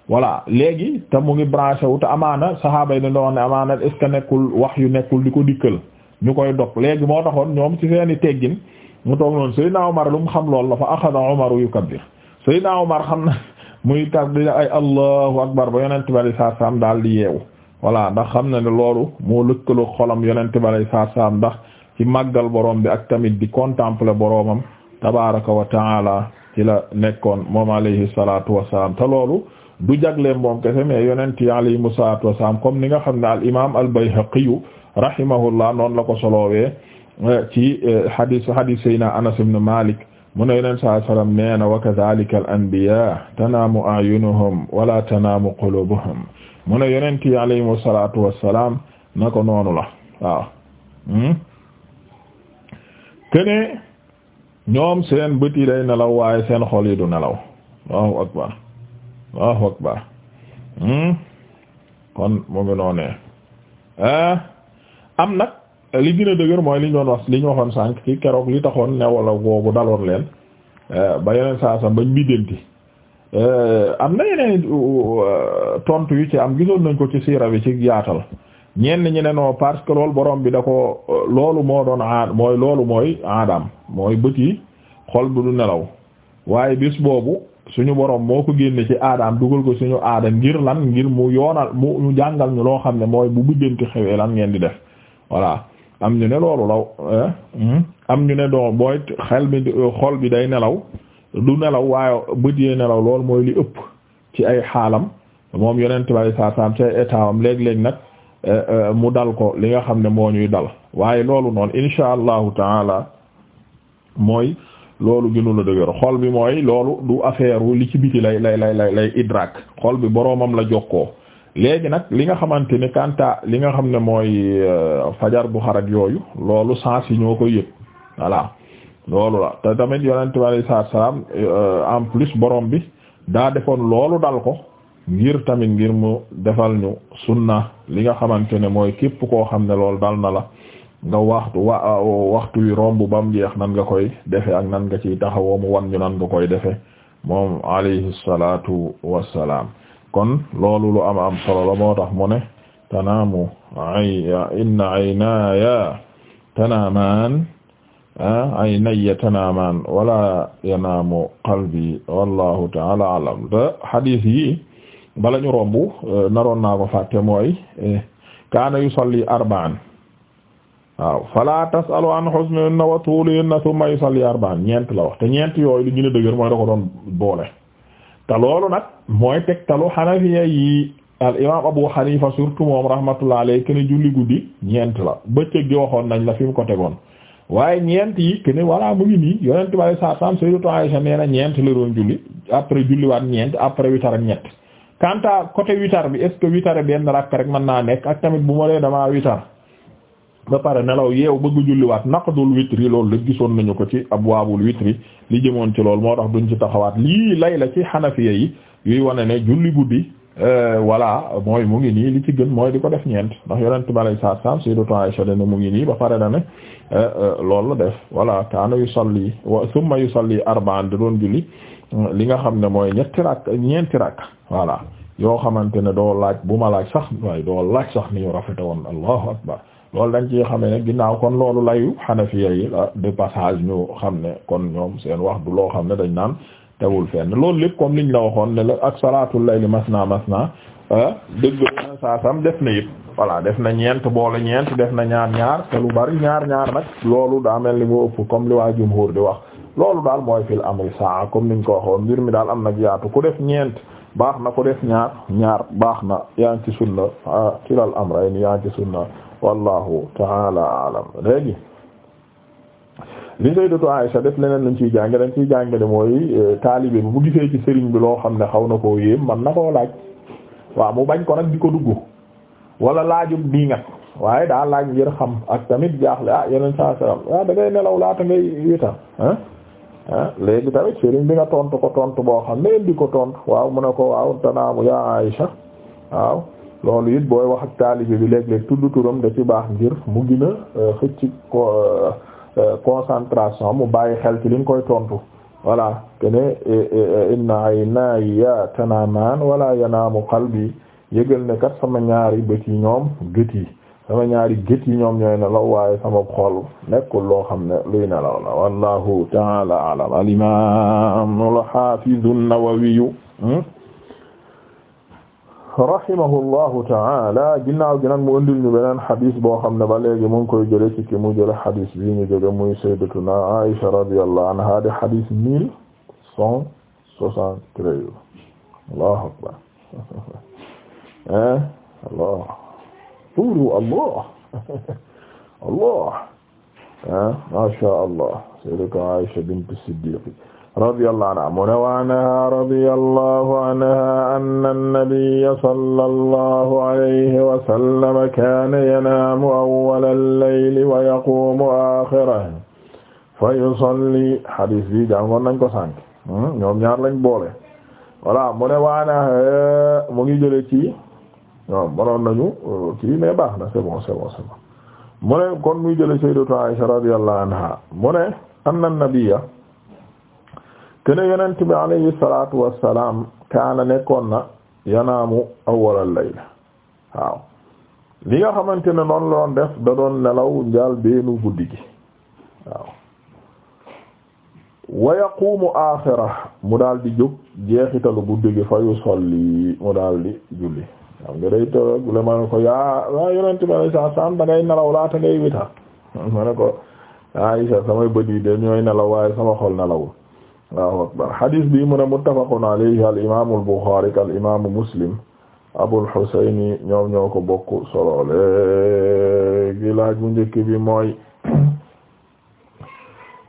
voilà léegi te mu ngi branché wu amaana saxaaba yi dañu doon ne amaana est ce que nekkul wax yu nekkul di ko dikkal ñu koy dog léegi moo taxoon ñoom ci seeni teggin mu toog noonu Seydina Omar lu mu xam loolu la fa axada Omar yukabbir Seydina Omar xam na muy tar di ay allahu akbar ba yonent bari saa saam daal di yeewu voilà ndax xam na ne loolu moo lëkkaloo xolam yonent bari saa saam ndax ci màggal boroom bi ak tamit di contempler boromam tabaaraka wa taala ci la nekkoon moom alayhi salaatu wa te loolu. du jagleem moom kese mais yonent yi alayhimu salaatu wa ni nga xam ne al imaam al Bayhaqi rahimahullah la ko solowee eh, ci hadis eh, hadis sayna Anas ibn Malik mu ne yonent sallallahu alayhi wa ne yi alayhimu salaatu wa na ko noonu la waaw hmm? kene ñoom seen bët yi day waaye seen xol yi du nelaw Allahu akbar Allahu akbar hmm? kon moo ngi ah? am nag li gën a dëgër li ñu doon wax li ñu waxoon sànq ci keroog li taxoon ne wala googu daloon leen eh, ba yeneen saa sam bañ biddanti eh, am na yeneen uh, tontu yu ci am gisoon nañ ko ci siira bi ci yaatal ñenn ñi ne non parce que loolu boroom bi da ko uh, loolu moo doon aad mooy loolu mooy aadam mooy bët yi xol bu du nelaw waaye bis boobu suñu borom moo ko génne ci aadaam dugal ko suñu aada ngir lan ngir mu yoonal mu ñu jàngal ñu loo xam ne mooy bu biddanti xewee lan ngeen di def voilà am ñu ne loolu law eh, hmm? am ñu ne doo booy xel mi xol bi day nelaw du nelaw waaye bët yee nelaw loolu mooy li ëpp ci ay xaalam moom yonent bay saa saam ci ay état am léeg-léeg nag eh, eh, mu dal ko li nga xam ne moo ñuy dal waaye loolu noonu insha allahu taala mooy loolu gënu la dëgër xol bi mooy loolu du affaire li ci biti lay lay lay lay idrak xol bi boroomam la jokkoo léegi nag li nga xamante ne kanta li nga xam ne mooy euh, fajar bu xarak yooyu loolu sens yi ñoo koy yëg voilà loolu la te tamit yonent bi salaam euh, en plus borom bi daa defoon loolu dal ko ngir tamit ngir mu defal ñu sunna li nga xamante ne mooy képp koo xam ne loolu dal na la nga waxtu wa uh, waxtu wi romb bam jeex nan nga koy defe ak nan nga ciy taxawoo mu nan nga koy defe moom alayhi salatu wassalaam kon loolu lu am am solo la moo tax mu ne tanaamu ay inna aynaya tanaamaan ah, aynaya tanaamaan wala yanaamu qalbi wallahu taala alam te hadith yi bala ñu romb eh, naroon naa ko fàtte mooy eh, kaana yusalli arba'an waaw fala tasalu na husnihinna wa tuulihinna thumma yusalli arba'an ñeent la wax te ñeent yooyu li gën a dëgër mooy da ko doon boole te loolu nag mooy tegtalu xanafiya yi al imam Abu Hanifa surtout moom rahmatullah alayhi kene julli guddi ñeent la bëccëg gi waxoon nañ la fi mu ko tegoon waaye ñeent yi kene voilà mu ngi nii yonent bi sallallahu alayhi wasallam Sayyidatu Aisha nee na ñeent la doon julli après julli waat ñeent après witar ak ñett quant à côté bi est-ce que witar benn rek mën naa nekk tamit bu ma lee damaa witar ba pare nelaw yeew bëgg julliwaat naqdul witri lool lépp gisoon nañu ko ci abwaabul witri li jëmoon ci lool moo tax duñ ci taxawaat lii lay la ci xanafiya yi yuy wane ne julli guddi euh, voilà mooy mu ngi nii li ci gën mooy di ko def ñeent ndax yonent bi alayhi salaatu salaam a Aisha ne mu ngi nii ba pare na ne euh, euh, loolu la def voilà kaana yusalli wa summa yusalli arba'an da doon julli li nga xam ne mooy ñetti rakk ñeenti rakk voilà yoo xamante ne doo laaj bu ma laaj sax waaye doo laaj sax ni ñu rafete woon allahu loolu dañ ci xamee ne ginnaaw kon loolu layu xanafiya yi la de ñu xam ne kon ñoom seen wax du loo xam ne dañ naan tewul fenn loolu lépp comme liñ la waxoon ne la ak salaatul layli masna masna ah, dëgg saa sam def na yëpp wala def na ñeent boole ñeent def na ñaar ñaar te lu bari ñaar ñaar nag loolu daa mel ni mu ëpp comme li waa jumhur di wax loolu daal mooy fil amri saa comme niñ ko waxoon mbir mi daal am nag yaatu ku def ñeent baax na ko def ñaar ñaar baax na yaa ngi ci sunna kilal ah, amrayni sunna wallahu taala alam léegi li sayyidatu def leneen lañ ciy jànge dañ ciy jànge ne mooy euh, taalibe bi bu gisee ci sëriñ bi loo xam ne xaw na koo yéem man na koo laaj waaw mu bañ ko nag di ko dugg wala laajum dii ngat waaye daa laaj ngir xam ak tamit jaaxle ah yeneen saa salam ah da ngay nelaw laata ngay witar ah ah léegi tamit sëriñ bi nga tontu ko tontu boo xam ne di ko tontu waaw mu ne ko waaw tanaamu yaa Aisha waaw loolu it booy wax ak taalibe bi léeg-léeg tudd turam da baax ngir mu gën a euh, xëcc euh, euh, concentration mu bàyyi xel ci li koy tontu voilà te ne e, e, e, inna ay naayi ya tanaamaan wala yanaamu qalbi yëgal ne kat sama ñaari bët yi ñoom gët yi sama ñaari gët yi ñoom ñooy nelaw waaye sama xol nekkul loo xam ne luy nelaw la wallahu taala alam al imam al hafiz an rahimahullahu ta'ala ginnaaw gi nag mu ëndil ñu beneen xadis boo xam ne ba léegi mu ngi koy jële ci ki mu jële xadis bi ñu jóge muy sayyidatuna Aisha radiyallahu anha de xadis mille cent soixante-treize Allahu akbar eh, Allah tuuru Allah Allah eh, ma sha Allah sayyidatuna Aisha bint Siddiq radiyallahu anha mu ne wa anha radiyallahu anha anna an-nabiyya sallallahu alayhi wa nañ ko sànq hmm? lañ boole voilà ne wa anha mu ngi jële ci ñoom nañu kii mais baax na mu ne kon mu ne anna kene yonent bi alayhi salaatu wassalaam kaana nekkoon na yanaamu awwalal layl waaw li nga xamante ne noonu la doon def da doon nelaw njaal beenu guddi gi waaw wa yaqumu aaxira mu daldi jóg jeexitalu guddi gi fa yusalli mu daal julli nga day toog le ma ne ko yaa waa yonent bi alayhi salaatu samay bët yi de ñooy nelaw waaye sama xol nelawul Allahu akbar hadis bi mu ne muttafaqun alayhi al imaamu al Muslim Abul Husayni ñoom ñoo ko bokk solo léegi laaj bu njëkk bi mooy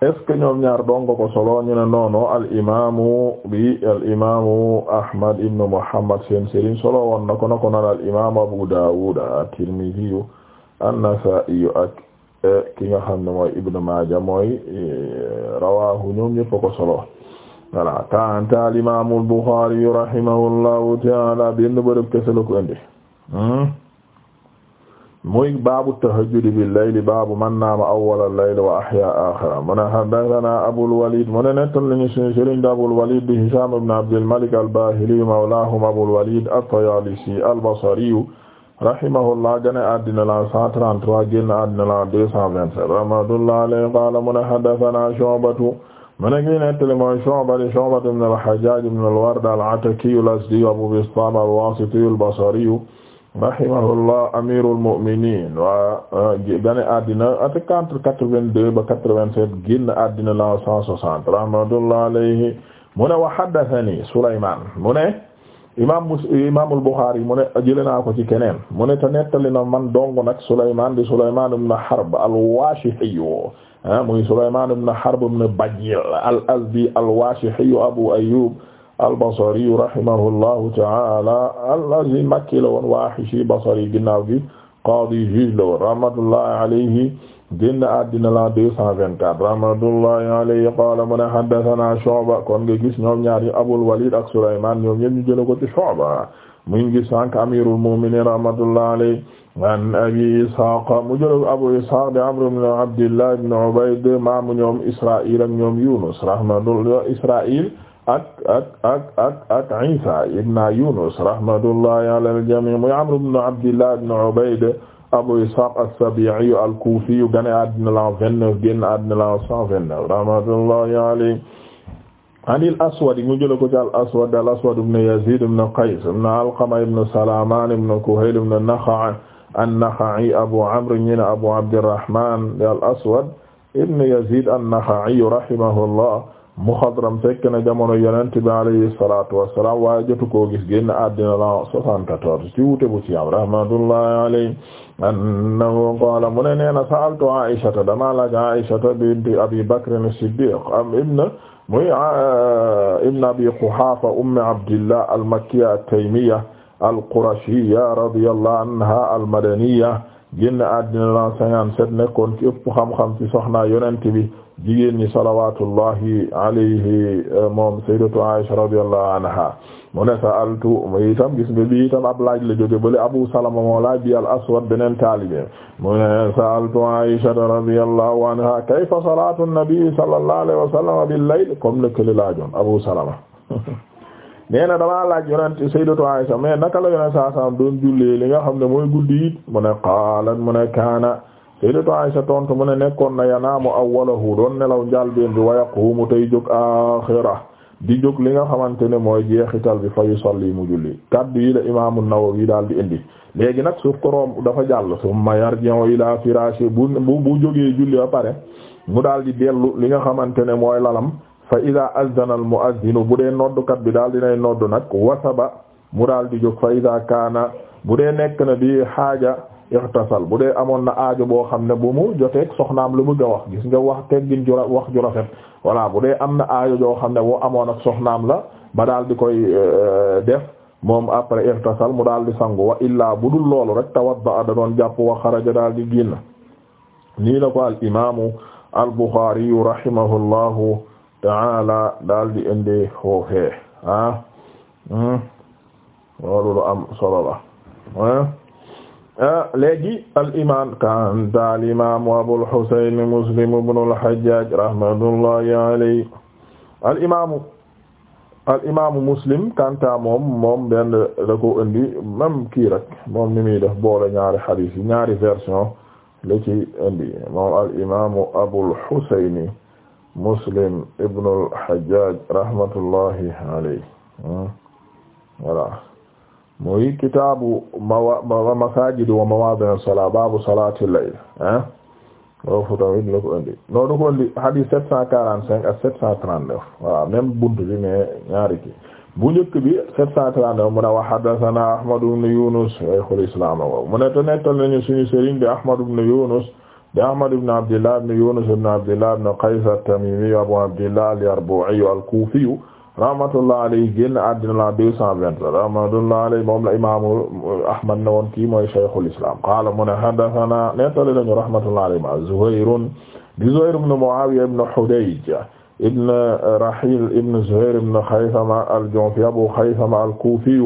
est-ce ñoom ñaar dongo ko solo ñu ne noono bi al Ahmad ibn Muhammad seen solo woon ko na ko Abu Daawud at-Tirmidhi an-Nasaa'i ak ki nga xam ne mooy Ibn Maaja mooy e, rawaahu ñoom ñëpp ko solo voilà kanta al imaam al Buxaari rahimahullahu ta'ala benn bërëb kese la ko indi hmm? muy baabu tahajjudi bil layli baabu man naama awwala al-layli wa ahyaa aaxira mu ne haddathanaa Abul Waliid mu ne nettal nañu suñu sëriñ di Abul Waliid di Hishaam ibn Abdil Malik al-Baahili mawlaahum Abul Waliid at-Tayaalisi al-Basri rahimahullah gane addina la 133 génn addina la 227 rahmatullah alayhi qala mu ne haddathana Shu'batu mu ne ngi nettali mooy Shu'ba di Shu'batu ibn al-Hajjaj ibn al-Ward al-Ataki al-Azdi Abu Bistam al-Wasiti al-Basri rahimahullah amirul mu'minin wa euh, gane addina at entre 82 ba 87 génn addina la 160 rahmatullah alayhi mu ne wa haddathani Sulayman mu ne imaam mus imaamul Buxaari mu ne jëlee naa ko ci keneen mu ne te nettali na man dong nag Souleymane di Souleymane ibn Harb al-Waashihi ah, muy Souleymane ibn Harb ibn Bajil al-Azdi al-Waashihi Abu Ayyub al-Basri rahimahullahu ta'ala al-Azdi Makki la woon Waahishi Basri ginnaaw gi qaadi la woon rahmatullahi alayhi génn àddina la 224 rahmatullahi alayhi qaala mu ne haddathana Shu'ba kon nga gis ñoom ñaar yi Abul Walid ak Sulaymaan ñoom ñépp ñu jël ko ci Shu'ba mu ngi gis sànq amirul mu'minin rahmatullahi alayhi an abi Ishaq mu jël Abu Ishaq di Amr ibn Abdillah ibn Ubayd maamu ñoom Israa'il ak ñoom Yunus rahmatullah Israa'il ak ak ak ak ak Isa ibn Yunus rahmatullahi ala al-jami' muy Amr ibn Abdillah ibn Ubayd Abu Ishaq as-Sabi'i al-Kufi gane àddina la 29 génn àddina la 129 rahmatullahi alayhi anil Aswad mu jël ko ci al-Aswad al-Aswad ibn Yazid ibn Qays ibn Alqama ibn Salaman ibn Kuhayl ibn Nakha' an-Nakha'i Abu Amr ñi ne Abu Abdirrahman al-Aswad ibn Yazid an-Nakha'i rahimahullah muxadram fekk na jamono Yonent bi alayhi salaatu wa salaam waaye jotu koo gis génn àddina la 74 ci wuute bu ci am rahmatullahi alayhi annahu qaala mu ne nee na sa'altu Aïshata damaa laaj Aïshata binti Abi Bakr as-Siddiq am ibn muy ibn Abi Quhaafa ummi Abdillah al-Makkiya at-Taymiyya al-Qurashiyya radiyallahu anha al-Madaniyya génn àddina la 57 nekkoon ci ëpp xam-xam ci soxna Yonent bi jigéen ñi salawatullahi alayhi moom sayyidatu Aisha radiyallahu anha mu ne sa'altu itam gis la jóge bale Abu Salama moo laaj bi al aswad beneen taalibe mu ne sa'altu Aisha radiyallahu anha kayfa salatu an-nabi sallallahu alayhi wa sallam bil layl comme le kële Abu Salama nee damaa laaj yonent sayyidatu Aisha mais naka la yonent saa saam doon jullee li nga xam ne mooy guddi it mu ne kaana sayyidatu Aisha tontu mu ne nekkoon na yanaamu awwalahu doon nelaw njàlbeen bi wa mu tey jóg axira di jóg li nga xamante ne mooy jeexital bi fa yusalli mu julli kaddu yi la imaamu Nawawi daal di indi léegi nag suuf koroom dafa jàll summa yi ila firaashi bu bu jógee julli a pare mu daal di dellu li nga xamante ne mooy lalam fa ida azdana al muazzinu bu dee noddukat bi daal dinay noddu nag wasaba mu daal di jóg fa ida kaana bu dee nekk na bi xaaja ixtasal bu dee amoon na aajo boo xam ne bu mu joteeg soxnaam lu mu nga wax gis nga wax teggin jura wax ju rafet bu dee am na aajo joo xam ne boo amoon ak soxnaam la ba daal di koy euh, def moom après ixtasal mu daal di sangu wa illaa bu dul loolu rek tawadda da doon jàpp wa xaraja daal di génn nii la ko al imaamu al Buxaari rahimahullahu taala daal di indi foofee ah hmm, loolu lu am solo la léegi al imaam kanta al imaam Abul Husayn Muslim ibn al Hajjaj rahmatullahi alayhi al imaamu al imaamu Muslim kanta moom moom benn da ko indi même kii rek moom ni muy def boole ñaari hadith yi ñaari version la ci indi moom al imaamu Abul Husayn Muslim ibn al Hajjaj rahmatullahi alayhi hmm, voilà mooy kitaabu mawa masaajid wa mawaadi'u salaa baabu salaatil layl ah loolu fu tamit la ko indi non da ko indi hadith 745 ak buntu bi mais ñaari kii bu njëkk bi 739 mu ne wa mu ne te nettal nañu suñu sëriñ bi Ahmad ibn Yunus di Ahmad ibn Abdillah ibn Yunus ibn Abdillah ibn Qays at-Tamimi Abu Abdillah al-Yarbu'i al-Kufi rahmatullah alayhi génn àddina la deux cent vingt rahmatullah alayhi moom la imaamu Ahmad ne woon kii mooy shaykhul islam qaala mu ne haddathana nettali nañu rahmatullah alayhi ma Zuhayrun di Zuhayr ibn Muawiya ibn Hudayj ibn Rahil ibn Zuhayr ibn Khaythama al-Ju'fi Abu Khaythama al-Kufi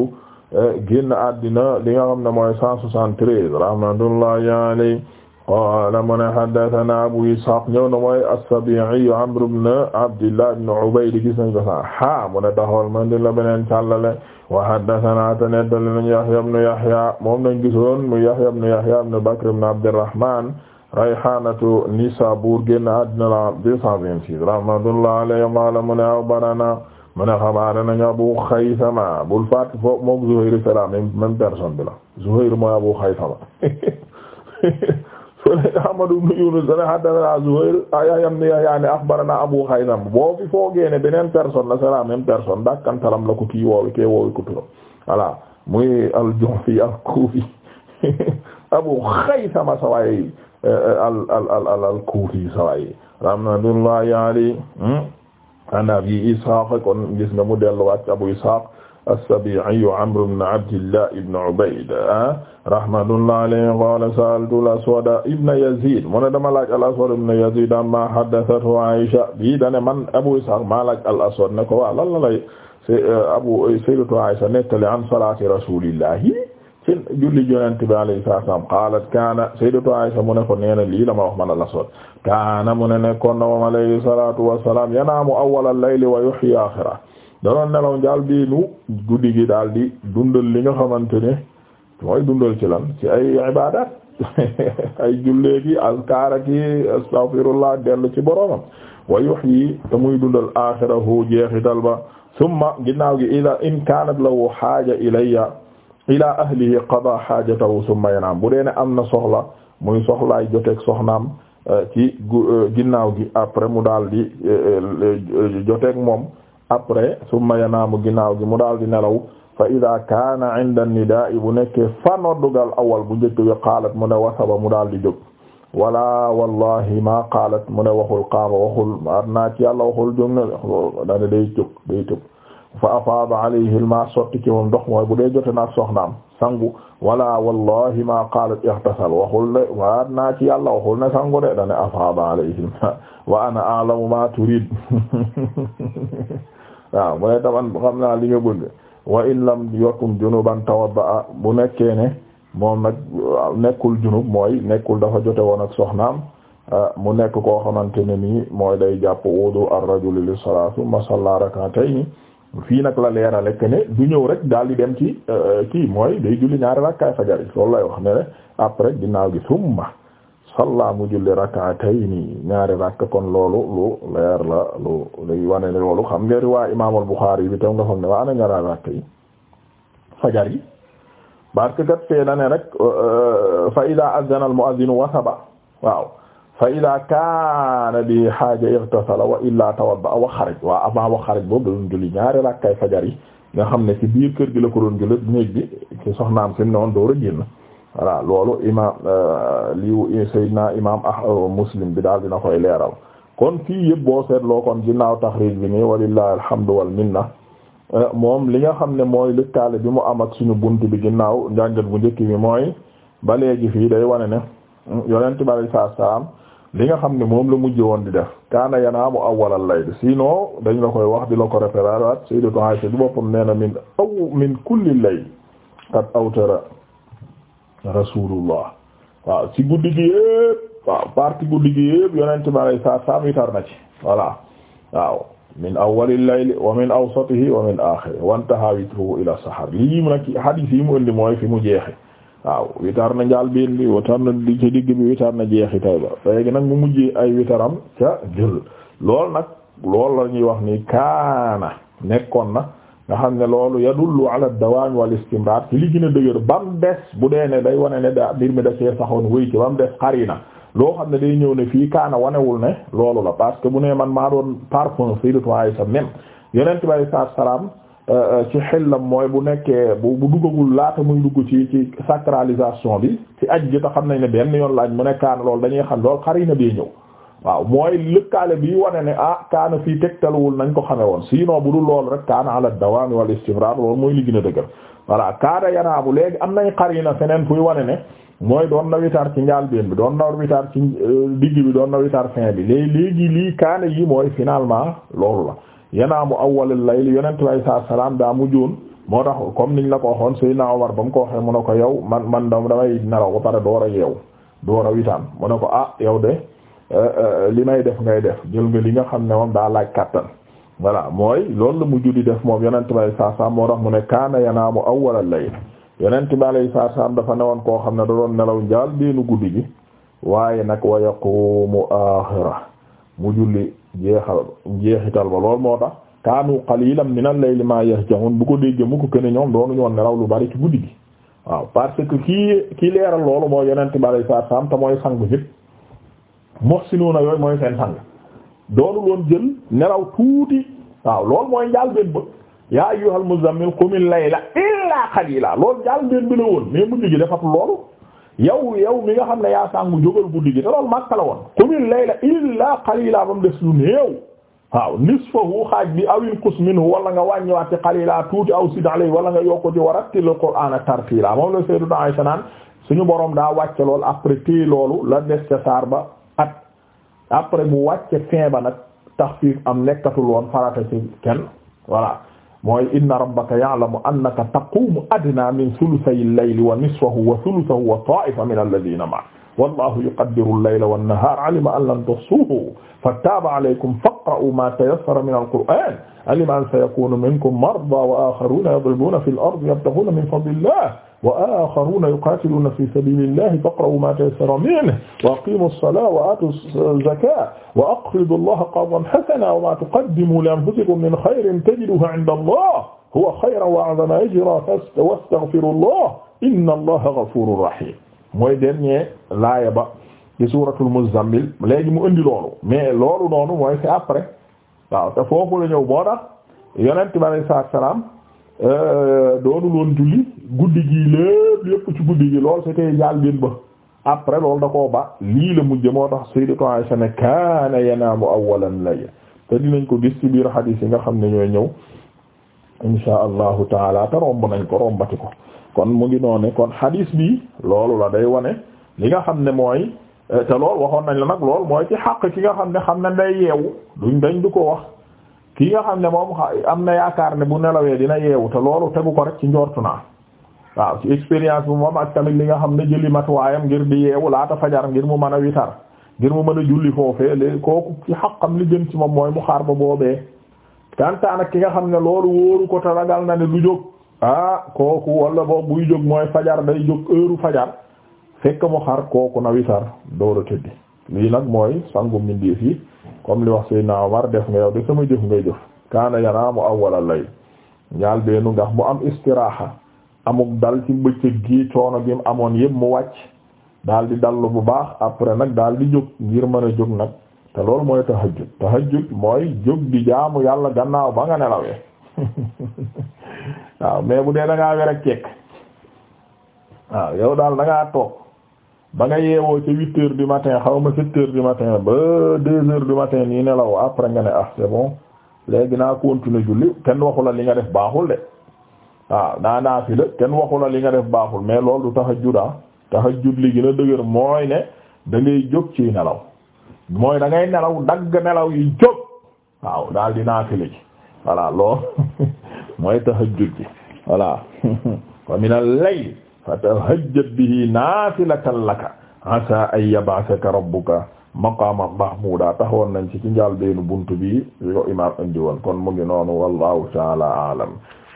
génn àddina li nga xam ne mooy cent soixante-treize rahmatullahi alayhi qaala mu ne haddathana Abu Ishaq ñëw na mooy as-Sabi'i Amr ibn Abdillah ibn Ubayd gis nañ ko sax ha mu ne taxawal man di la beneen càllale wa haddathana te nettali nañ Yahya ibn Yahya moom nañ gisoon mu Yahya ibn Yahya ibn Bakr ibn Abdirrahman rayhanatu Nisabur génn àddina la 226 rahmatullahi alayhi qaala mu ne akhbarana mu ne xabaare nañ Abu Khaythama bul faat foofu moom Zuhayr c'est la même personne bi la Zuhayr mooy Abu Khaythama fële Ahmad ibn Yunus dana haddathana Zuhayr Yahya ibn Yahya ne akhbarana Abu Khaytham boo fi foogee ne beneen personne la c'est la même personne la ko kii woowi ke woowi ko turam muy al-Ju'fi al-Kufi Abu Khaytham saway euh, al al al al-Kufi saway rahmatullahi alayhi hmm? an Abi Ishaq kon gis nga mu delluwaat Abu Ishaq as-Sabi'i Amr ibn Abdillah ibn Ubayd ah, rahmatullahi alayhi qala sa'altu al-Aswad ibn Yazid mu ne dama laaj al-Aswad ibn Yazid amma haddathathu Aisha bi dane man Abu Ishaq ma laaj al-Aswad ne ko waa lan la lay eh, Abu eh, sayyidatu Aisha nettali an salati rasulillahi ci julli Yonent bi alayhi salaam qaalat kaana sayyidatu Aisha mu ne ko nee na lii la ma wax man al-Aswad kaana mu ne nekkoon na moom alayhi salatu wassalam yanaamu awwala al-layli wa yuhyi aakhirahu danoon nelaw njaal biinu guddi gi daal di dundal li nga xamante ne mooy dundal ci lan ci ay ibadat ay julleegi azkaaraki astaghfirullah dellu ci boromam wa yuhyi te muy dundal axirahu jeexital ba summa ginnaaw gi ila in kaanat lahu xaaja ilayya ila ahlihi qada xaajatahu summa yanaam bu dee ne am na soxla muy soxlaay joteeg soxnaam eh, ci eh, ginnaaw gi après mu daal di eh, joteeg moom après summa yanaamu ginnaaw gi mu daal di nelaw fa ida kaana inda nida'i bu nekkee fa noddugal awal bu njëkk bi qaalat mu ne wasaba mu daal di jóg wala wallahi ma qaalat mu ne waxul qaama waxul ar naa ci yàlla waxul jóg ne dane day jóg day jóg fa afaada alayhi alma bu dee jote naak soxnaam sangu wala wallahi ma qaalat ihtasal waxul ne ar naa ci yàlla wa ana a'lamu ma turid waaw mu ne taman xam naa li nga bëgg wa in lam yakun junuban tawadda bu nekkee ne moom nag nekkul junub mooy nekkul dafa jote woon ak soxnaam ah, mu nekk koo xamante ne nii mooy day jàpp wudu ar-rajuli li salaati thumma salla rak'atayni fii nag la leerale que ne du ñëw rek daal yi dem ci eh, kii mooy day julli ñaari rakkaay fajar yi loolu lay wax ne après ginnaaw gi summa salla mu julli rak'atayni ñaari rakk kon loolu lu leer la lu luy wane loolu xam nga riwaa imaamul Buxaari bi tam nga foog ne ana ñaari rakk yi fajar yi parce que kat fee na ne rek euh, euh, fa idaa azana al mu'azzinu wasaba waaw fa idaa kaana bi haaja ightasala wa illaa tawadda wa xaraj waaw avant wa xaraj boobu doon julli ñaari rakkay fajar yi nga xam ne ci biir kër gi la ko doon julli néeg bi ci soxnaam fi mu ne door a génn voilà loolu euh, lii eh, imam liu sayyidina imam muslim bi daal dina koy leeral kon fii yëpp boo seetloo kon ginnaaw taxriij bi nii walillahi alhamdu wal minna euh, moom li nga xam ne mooy lëkkaale bi mu am ak suñu bunt bi ginnaaw njàngat bu njëkk bi mooy ba léegi fii day wane ne hmm, yonent bi alai saatu salaam li nga xam ne moom la mujj woon di def kaana yanaamu awwalal layl sinon dañu la koy wax di la ko référer waat sayyidatu Aisha du boppam nee na min aw min kulli rasulullah waaw ci guddi gi yëpp waaw guddi gi yëpp yonent bi alayhi salaatu salaam witar na ci voilà waaw min awwalil layli wa min awsatihi wa min aaxirihi wa intahaa witruhu ila sahar lii mu nag hadith yi mu indi mooy fi mu jeexe waaw witar na njaal biin bi witar di ci digg bi witar na jeexi tay ba léegi nag mu mujjee ay witaram ca jël lool nag lool la ñuy wax ni kaana nekkoon na nga xam ne loolu yadullu ala dawaam wal istimrar ci li gën a dëgër ba mu des bu dee ne day wane ne da mbir mi da cee saxoon wéy ci ba mu des xarina loo xam ne day ñëw ne fii kaana wanewul ne loolu la parce que bu ne man maa doon parfum Sayyidatu Aisha même yonent bi alayhi salaam euh, euh, ci xellam mooy bu nekkee bu bu duggagul laata muy dugg ci ci sacralisation bi ci aj gi te xam nañ ne benn yoon laaj mu ne kaana loolu dañuy xam lool xarina bee ñëw. waaw mooy lëkkaale bi wane ne ah kaana fii tegtaluwul nañ ko xame woon sinon bu dul loolu rek kaana ala dawaami wal istimrar loolu mooy li gën a dëgër voilà kaana yanaabu léegi am nañ xarina feneen fuy wane ne mooy doon na witar ci njàlbéen bi doon na witar ci euh, digg bi doon na witar fin bi léegi léegi lii kaana yi mooy finalement loolu la yanaamu awwalal layl yonent bi saa salaam daa mujjoon moo tax comme niñ la ko waxoon Seydina Omar ba mu ko waxee mu ne ko yow man man damay nelaw ba pare door a yeew door a witaan mu ne ko ah yow Euh, euh, li may def ngay def jël nga li nga xam ne moom daa laaj kàttan voilà mooy loolu la mujj di def moom yonent bi saa saam moo mu ne kaana yanaamu awwalal layl yonent bi saa saam dafa newoon koo xam ne da doon nelaw njaal beenu guddi gi waaye nag wa yaqumu mu julli jeexal jeexital ba loolu moo tax kaanu qalilan minal layli maa yahjaun bu ko déggee mu ko kenn ñoom doonu ñoon nelaw lu bari ci guddi gi waaw parce que kii kii leeral loolu moo yonent bi saa saam te mooy sangu ñépp muhsinuuna yooyu mooy seen sang doonu loon jël nelaw tuuti waaw loolu mooy njaal benn ba yaa ayyuhal muzzammil qumil layla illaa qaliila loolu njaal benn bi la woon mais mujj gi defat loolu yow yow mi nga xam ne yaa sàngu jógal guddi gi te loolu Makka la woon qumil layla illaa qaliila ba mu des lu néew waaw nisfahu xaaj bi aw inqus minhu wala nga wàññiwaat ci qaliila tuuti aw sid alayhi wala nga yokk ci wa rattilil qur'aana tartiila moom la Sayyidatu suñu borom daa wàcce lool après téye loolu la saar ba après mu wàcce fin ba nag taxfiif am nekkatul woon farata ci kenn voilà mooy inna rabbaka ya'lamu annaka taqumu adna min thuluthay al-layli wa nisfahu wa thuluthahu wa ta'ifa min alladhina ma'a wallahu yuqaddiru al-layla wan-nahara alima an lan tuhsuhu fataba alaykum faqra'u ma tayassara min al-qur'an alima an sayakunu minkum marda wa akharuna yadribuna fi al-ardi yabtaghuna min fadlillah wa axaruna yuqaatiluuna fi sabiilillahi faqra'uu maa tayassara minhu wa aqiimuu salaata wa aatuu zakaata wa aqridu llaha qardan hasanan wa maa tuqaddimuu li anfusikum min xayrin tajiduuhu inda llahi huwa xayran wa a'zama ajran wastaghfirullaha inna llaha gafuurun rahiim mooy dernier laaya ba ci suuratul Muzzammil léegi mu indi loolu mais loolu noonu mooy c'est après waaw te foofu la ñëw moo tax yonent bi alayhi salaatu salaam euh, doonul woon julli guddi gi lépp lépp ci guddi gi lool c'était njàlbéen ba après loolu da koo ba lii la mujj moo tax Sayyidatu Aisha ne kaana yanaamu awwalan layl te dinañ ko gis ci biir xadiis yi nga xam ne ñooy ñëw insha allahu taala te romb nañ ko rombati ko. kon mu ngi noone kon hadis bi loolu la day wane li nga xam ne mooy eh, te loolu waxoon nañ la nag loolu mooy ci xaq ki nga xam ne xam ne day yeewu duñ dañ du ko wax ki nga xam ne moom xa am na yaakaar ne bu nelawee dina yeewu te loolu tegu ko rek ci njortu naa waaw ci expérience bu moom ak tamit li nga xam ne jëli matuwaayam ngir di yeewu laata fajar ngir mu mën a witar ngir mu mën a julli foofee léegi kooku ci xaqam li jëm si moom mooy mu xaar ba boobee. kantaan ki nga xam ne loolu wóoru ragal na ne ah kooku walla boog buy jóg mooy fajar day jóg heure fajar fekk mu xar kooku na wisar door tëddi lii nag mooy sangu mindiif yi comme li wax Seydina Omar def nga yow de sama jëf ngay jëf kaana yanaamu awwala lay ñaal beenu ngax mu am istiraaxa amuk dal ci bëccëg gi coono gi mu amoon yépp mu wàcc daal di dallu bu baax après nag daal di jóg ngir mën a jóg nag te loolu mooy tahajjud tahajjud mooy jóg di jaamu yàlla gannaaw ba nga nelawee waaw mais bu dee da ngaa wer ak waaw yow daal da ngaa toog ba nga yeewoo ca huit heures du matin xaw ma sept heures du matin ba deux heures du matin nii nelaw après nga ne ah c'est bon léegi naa continuer julli kenn waxu la li nga def baaxul de waaw naa naa la kenn waxu la li nga def baaxul mais loolu du tahajjud ah tahajjud li gën a dëgër mooy ne da jóg ci nelaw mooy dangay nelaw dagg nelaw yi jóg waaw daal di naafila ji voilà loolu mooy tahajjud bi voilà wa min al-layli fatahajjad bihi naafilatan laka asa an yab'athaka rabbuka maqaaman mahmuuda taxawoon nañ ci ci njaal beenu buntu bi yo imam indi woon kon mu ngi noonu wallahu taala aalam